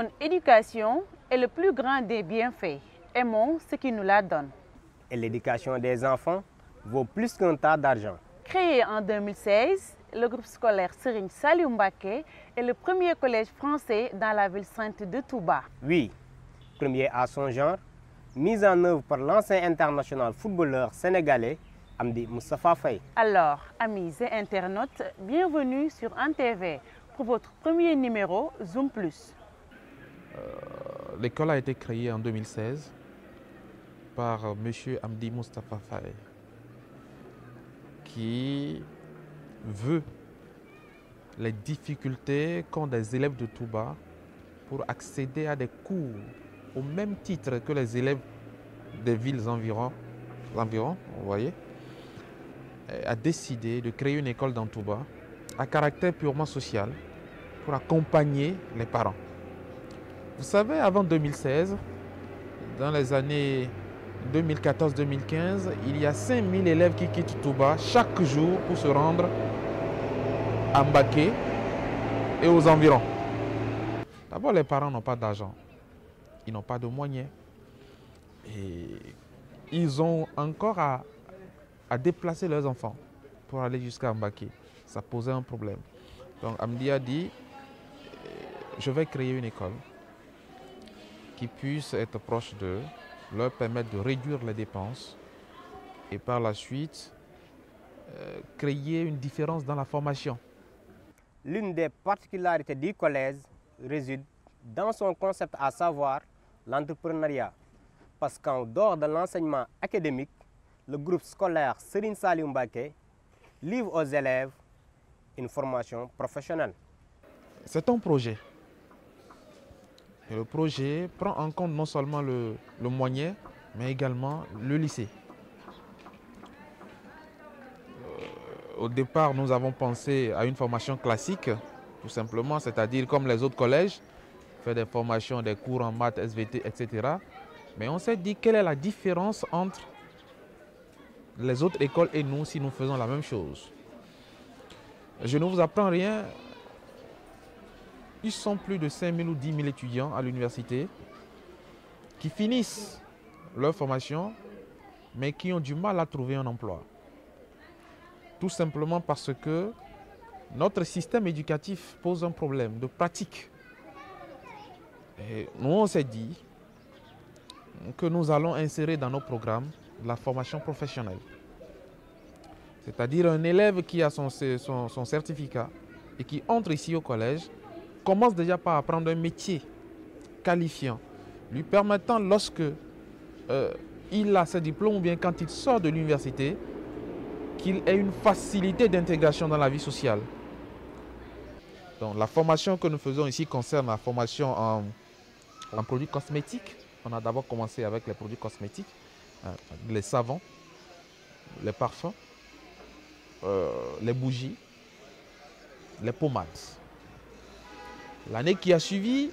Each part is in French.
Son éducation est le plus grand des bienfaits. Aimons ce qui nous la donne. Et l'éducation des enfants vaut plus qu'un tas d'argent. Créé en 2016, le groupe scolaire Serigne Saliumbake est le premier collège français dans la ville sainte de Touba. Oui, premier à son genre, mis en œuvre par l'ancien international footballeur sénégalais Amdi Moustapha Fay. Alors, amis et internautes, bienvenue sur ANTV pour votre premier numéro Zoom ⁇ euh, l'école a été créée en 2016 par M. Amdi Mustafa Faye, qui veut les difficultés qu'ont des élèves de Touba pour accéder à des cours au même titre que les élèves des villes environ environ, vous voyez, a décidé de créer une école dans Touba à caractère purement social pour accompagner les parents. Vous savez, avant 2016, dans les années 2014-2015, il y a 5000 élèves qui quittent Touba chaque jour pour se rendre à Mbaké et aux environs. D'abord, les parents n'ont pas d'argent. Ils n'ont pas de moyens. Et ils ont encore à, déplacer leurs enfants pour aller jusqu'à Mbaké. Ça posait un problème. Donc Amdi a dit, euh, je vais créer une école qui puissent être proches d'eux, leur permettre de réduire les dépenses et par la suite euh, créer une différence dans la formation. L'une des particularités du collège réside dans son concept à savoir l'entrepreneuriat. Parce qu'en dehors de l'enseignement académique, le groupe scolaire Serine Salim livre aux élèves une formation professionnelle. C'est un projet le projet prend en compte non seulement le, le moyen, mais également le lycée. Euh, au départ, nous avons pensé à une formation classique, tout simplement, c'est-à-dire comme les autres collèges, faire des formations, des cours en maths, SVT, etc. Mais on s'est dit quelle est la différence entre les autres écoles et nous si nous faisons la même chose. Je ne vous apprends rien, ils sont plus de 5 000 ou 10 000 étudiants à l'université qui finissent leur formation, mais qui ont du mal à trouver un emploi. Tout simplement parce que notre système éducatif pose un problème de pratique. Et nous, on s'est dit que nous allons insérer dans nos programmes la formation professionnelle. C'est-à-dire un élève qui a son, son certificat et qui entre ici au collège commence déjà par apprendre un métier qualifiant, lui permettant lorsque euh, il a ses diplômes ou bien quand il sort de l'université, qu'il ait une facilité d'intégration dans la vie sociale. Donc la formation que nous faisons ici concerne la formation en, produits cosmétiques. On a d'abord commencé avec les produits cosmétiques, euh, les savons, les parfums, euh, les bougies, les pommades. L'année qui a suivi,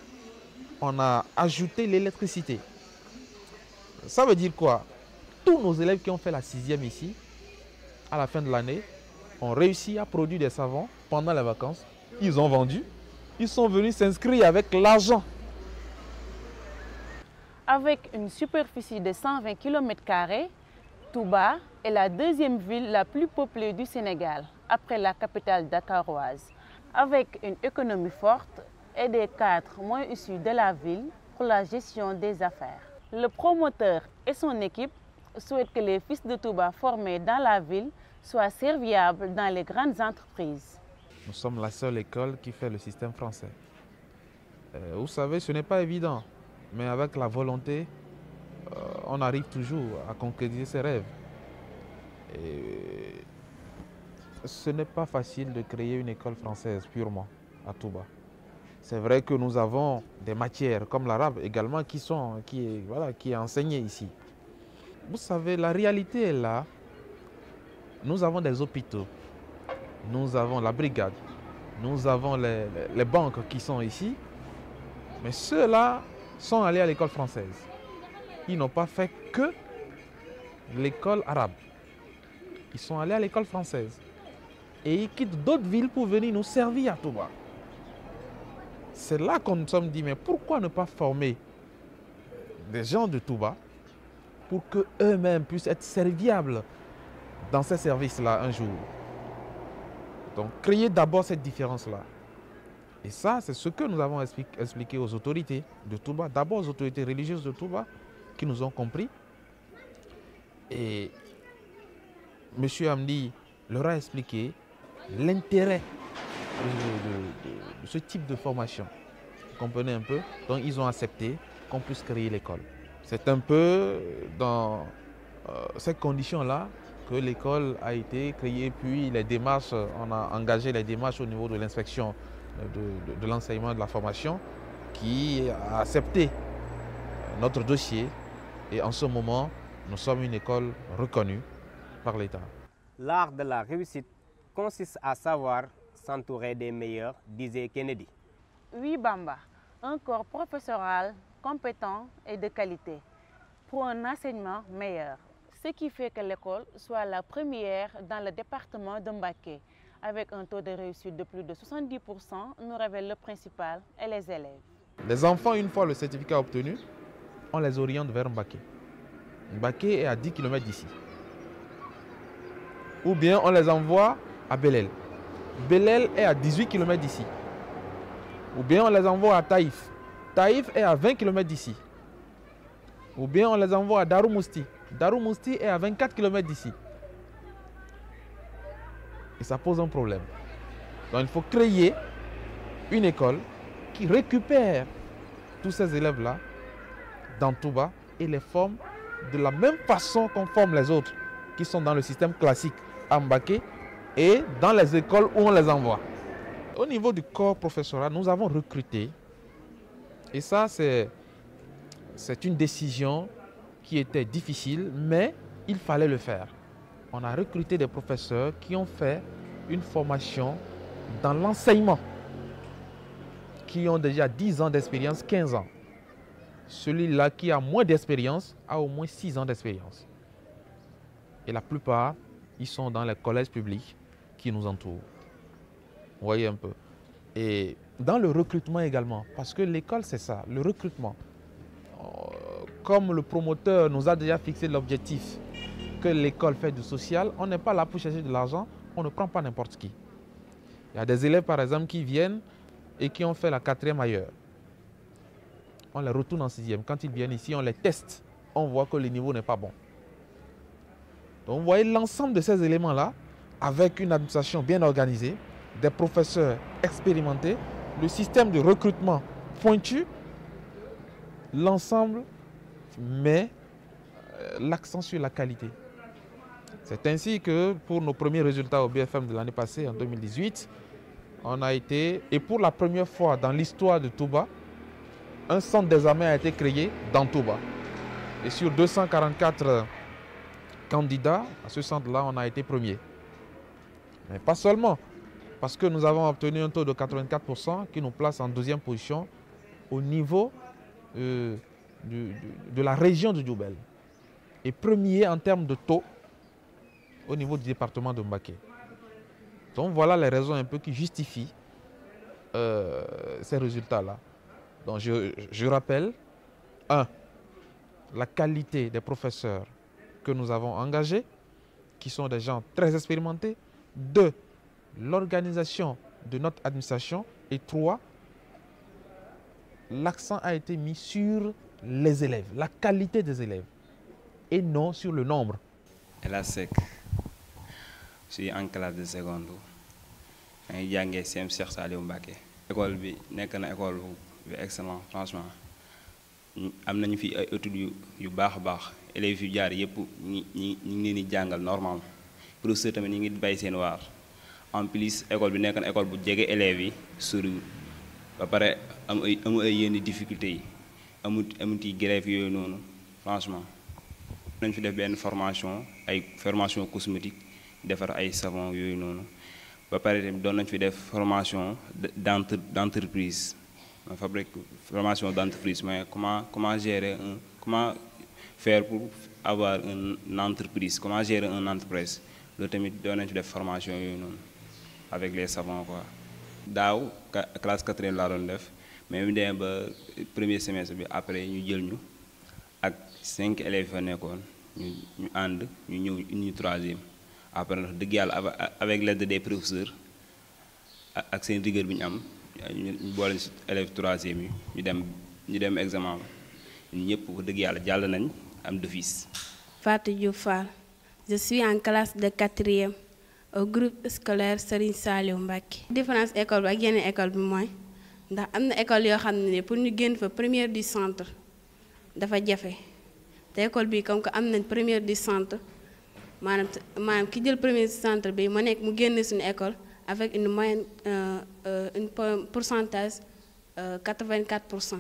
on a ajouté l'électricité. Ça veut dire quoi Tous nos élèves qui ont fait la sixième ici, à la fin de l'année, ont réussi à produire des savons pendant les vacances. Ils ont vendu. Ils sont venus s'inscrire avec l'argent. Avec une superficie de 120 km, Touba est la deuxième ville la plus peuplée du Sénégal, après la capitale dakaroise. Avec une économie forte, et des quatre moins issus de la ville pour la gestion des affaires. Le promoteur et son équipe souhaitent que les fils de Touba formés dans la ville soient serviables dans les grandes entreprises. Nous sommes la seule école qui fait le système français. Euh, vous savez, ce n'est pas évident, mais avec la volonté, euh, on arrive toujours à concrétiser ses rêves. ce n'est pas facile de créer une école française purement à Touba. C'est vrai que nous avons des matières comme l'arabe également qui sont qui est, voilà, qui ici. Vous savez, la réalité est là. Nous avons des hôpitaux, nous avons la brigade, nous avons les, les banques qui sont ici, mais ceux-là sont allés à l'école française. Ils n'ont pas fait que l'école arabe. Ils sont allés à l'école française. Et ils quittent d'autres villes pour venir nous servir à Touba. C'est là qu'on nous sommes dit, mais pourquoi ne pas former des gens de Touba pour qu'eux-mêmes puissent être serviables dans ces services-là un jour Donc, créer d'abord cette différence-là. Et ça, c'est ce que nous avons expliqué aux autorités de Touba, d'abord aux autorités religieuses de Touba, qui nous ont compris. Et M. Amdi leur a expliqué l'intérêt de, ce type de formation. Vous comprenez un peu Donc ils ont accepté qu'on puisse créer l'école. C'est un peu dans euh, cette condition-là que l'école a été créée, puis les démarches, on a engagé les démarches au niveau de l'inspection euh, de, de l'enseignement de la formation qui a accepté euh, notre dossier et en ce moment, nous sommes une école reconnue par l'État. L'art de la réussite consiste à savoir entouré des meilleurs, disait Kennedy. Oui, Bamba, un corps professoral compétent et de qualité pour un enseignement meilleur. Ce qui fait que l'école soit la première dans le département de Mbaké, avec un taux de réussite de plus de 70%, nous révèle le principal et les élèves. Les enfants, une fois le certificat obtenu, on les oriente vers Mbaké. Mbaké est à 10 km d'ici. Ou bien on les envoie à Belel. Belel est à 18 km d'ici. Ou bien on les envoie à Taïf. Taïf est à 20 km d'ici. Ou bien on les envoie à Darumousti. Darumousti est à 24 km d'ici. Et ça pose un problème. Donc il faut créer une école qui récupère tous ces élèves-là dans Touba et les forme de la même façon qu'on forme les autres qui sont dans le système classique Ambaké et dans les écoles où on les envoie. Au niveau du corps professoral, nous avons recruté, et ça c'est une décision qui était difficile, mais il fallait le faire. On a recruté des professeurs qui ont fait une formation dans l'enseignement, qui ont déjà 10 ans d'expérience, 15 ans. Celui-là qui a moins d'expérience a au moins 6 ans d'expérience. Et la plupart, ils sont dans les collèges publics qui nous entoure, Vous voyez un peu. Et dans le recrutement également, parce que l'école, c'est ça, le recrutement. Euh, comme le promoteur nous a déjà fixé l'objectif que l'école fait du social, on n'est pas là pour chercher de l'argent, on ne prend pas n'importe qui. Il y a des élèves, par exemple, qui viennent et qui ont fait la quatrième ailleurs. On les retourne en sixième. Quand ils viennent ici, on les teste. On voit que le niveau n'est pas bon. Donc, vous voyez l'ensemble de ces éléments-là avec une administration bien organisée, des professeurs expérimentés, le système de recrutement pointu, l'ensemble met euh, l'accent sur la qualité. C'est ainsi que pour nos premiers résultats au BFM de l'année passée, en 2018, on a été, et pour la première fois dans l'histoire de Touba, un centre d'examen a été créé dans Touba. Et sur 244 candidats, à ce centre-là, on a été premier. Mais pas seulement, parce que nous avons obtenu un taux de 84% qui nous place en deuxième position au niveau euh, de la région de Djoubel et premier en termes de taux au niveau du département de Mbaké. Donc voilà les raisons un peu qui justifient euh, ces résultats-là. Donc je, je rappelle, un, la qualité des professeurs que nous avons engagés, qui sont des gens très expérimentés, deux, l'organisation de notre administration. Et trois, l'accent a été mis sur les élèves, la qualité des élèves, et non sur le nombre. Et la SEC, je suis en classe de seconde. Je suis en classe de seconde. Mbacké. L'école est école excellente, franchement. il y fi ay études yu baax a baax élèves yu jaar ñi professeur tamit ñu ngi bay seen waar en plus école bi nekk na école bu jege élèves yi suru ba pare am ay amu ay yenn difficultés yi amut amuti grève yooyu noonu franchement nañ fi def benn formation ay formation cosmétique defar ay savon yooyu noonu ba pare tamit doon nañ fi def formation d'entre d'entreprise ma fabrique formation d'entreprise mais comment comment gérer un comment faire pour avoir une entreprise comment gérer une entreprise nous tamit donné nañ avec les savants quoi la classe quatrième la ronde, mais même premier semestre après ñu cinq élèves nous avons nous ñu troisième après avec l'aide des professeurs ak seen rigueur élèves troisième dem dem examen am je suis en classe de quatrième au groupe scolaire Serigne Saliou Mbacké. différence école bi ak école bi mooy ndax am école yoo xam ne pour ñu gagner fa première du centre dafa fait. te école bi comme que am première du centre qui maanaam ki jël première du centre bi mu nekk mu génn école avec une moyenne euh, euh, une pourcentage 84 euh,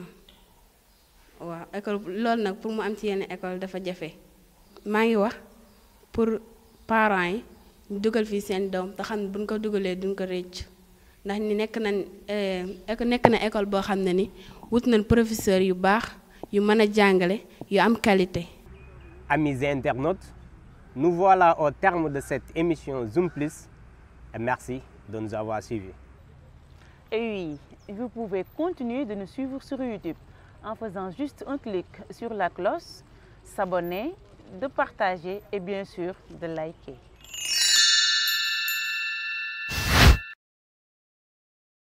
pour école loolu pour mu am ci école dafa jafe maa ngi pour parents qualité. Amis internautes, nous voilà au terme de cette émission Zoom Plus merci de nous avoir suivis. Et oui, vous pouvez continuer de nous suivre sur YouTube en faisant juste un clic sur la cloche, s'abonner de partager et bien sûr de liker.